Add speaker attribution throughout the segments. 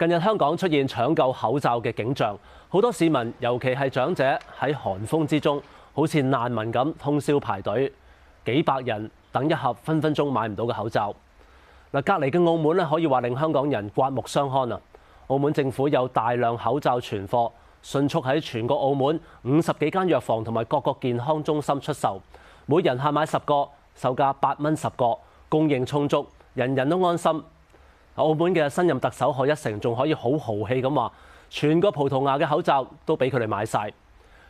Speaker 1: 近日香港出現搶購口罩嘅景象，好多市民，尤其係長者喺寒風之中，好似難民咁通宵排隊，幾百人等一盒分分鐘買唔到嘅口罩。嗱，隔離嘅澳門咧，可以話令香港人刮目相看啦。澳門政府有大量口罩存貨，迅速喺全個澳門五十幾間藥房同埋各個健康中心出售，每人限買十個，售價八蚊十個，供應充足，人人都安心。澳門嘅新任特首賀一誠仲可以好豪氣咁話，全個葡萄牙嘅口罩都俾佢哋買晒。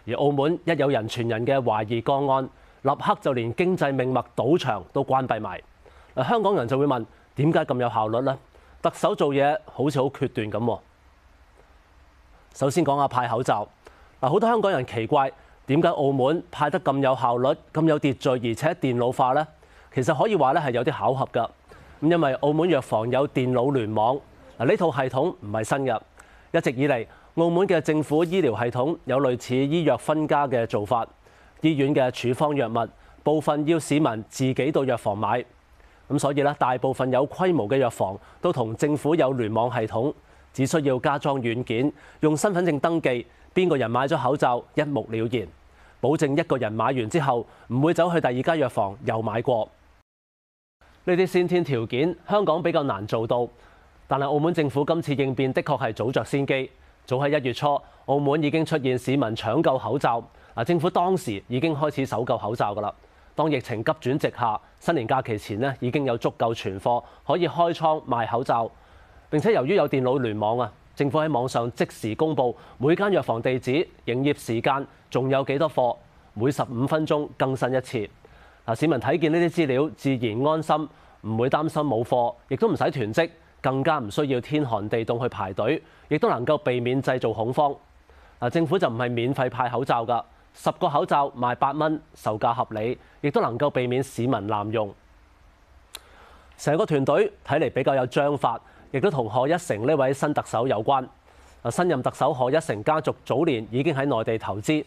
Speaker 1: 而澳門一有人傳人嘅懷疑個案，立刻就連經濟命脈賭場都關閉埋。嗱，香港人就會問點解咁有效率呢？特首做嘢好似好決斷咁。首先講下派口罩。嗱，好多香港人奇怪點解澳門派得咁有效率、咁有秩序，而且電腦化呢？其實可以話咧係有啲巧合㗎。咁因為澳門藥房有電腦聯網，嗱，呢套系統唔係新嘅，一直以嚟澳門嘅政府醫療系統有類似醫藥分家嘅做法，醫院嘅處方藥物部分要市民自己到藥房買，咁所以呢，大部分有規模嘅藥房都同政府有聯網系統，只需要加裝軟件，用身份證登記，邊個人買咗口罩一目了然，保證一個人買完之後唔會走去第二間藥房又買過。呢啲先天條件，香港比較難做到，但係澳門政府今次應變，的確係早着先機。早喺一月初，澳門已經出現市民搶購口罩，嗱政府當時已經開始搜購口罩㗎啦。當疫情急轉直下，新年假期前咧已經有足夠存貨可以開倉賣口罩。並且由於有電腦聯網啊，政府喺網上即時公佈每間藥房地址、營業時間，仲有幾多貨，每十五分鐘更新一次。市民睇見呢啲資料，自然安心，唔會擔心冇貨，亦都唔使囤積，更加唔需要天寒地凍去排隊，亦都能夠避免製造恐慌。嗱，政府就唔係免費派口罩㗎，十個口罩賣八蚊，售價合理，亦都能夠避免市民濫用。成個團隊睇嚟比較有章法，亦都同賀一誠呢位新特首有關。新任特首賀一誠家族早年已經喺內地投資，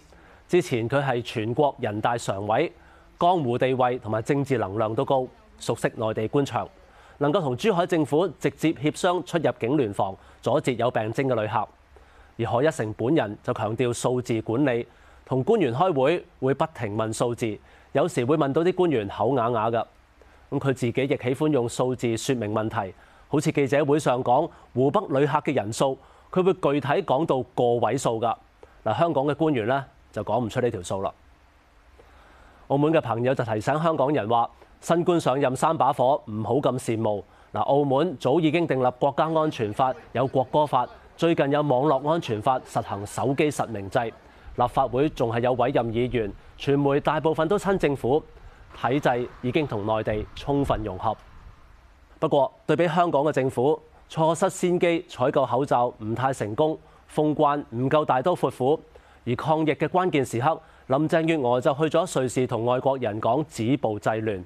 Speaker 1: 之前佢係全國人大常委。江湖地位同埋政治能量都高，熟悉內地官場，能夠同珠海政府直接協商出入境聯防，阻截有病徵嘅旅客。而賀一誠本人就強調數字管理，同官員開會會不停問數字，有時會問到啲官員口啞啞㗎。咁佢自己亦喜歡用數字説明問題，好似記者會上講湖北旅客嘅人數，佢會具體講到個位數㗎。嗱，香港嘅官員呢，就講唔出呢條數啦。澳門嘅朋友就提醒香港人話：新官上任三把火，唔好咁羨慕。嗱，澳門早已經訂立國家安全法，有國歌法，最近有網絡安全法實行手機實名制。立法會仲係有委任議員，傳媒大部分都親政府，體制已經同內地充分融合。不過對比香港嘅政府，錯失先機，採購口罩唔太成功，封關唔夠大刀闊斧，而抗疫嘅關鍵時刻。林鄭月娥就去咗瑞士同外國人講止暴制亂，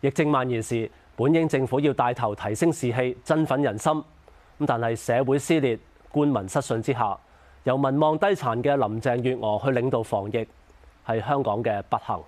Speaker 1: 疫症蔓延時，本應政府要帶頭提升士氣，振奮人心，咁但係社會撕裂、官民失信之下，由民望低殘嘅林鄭月娥去領導防疫，係香港嘅不幸。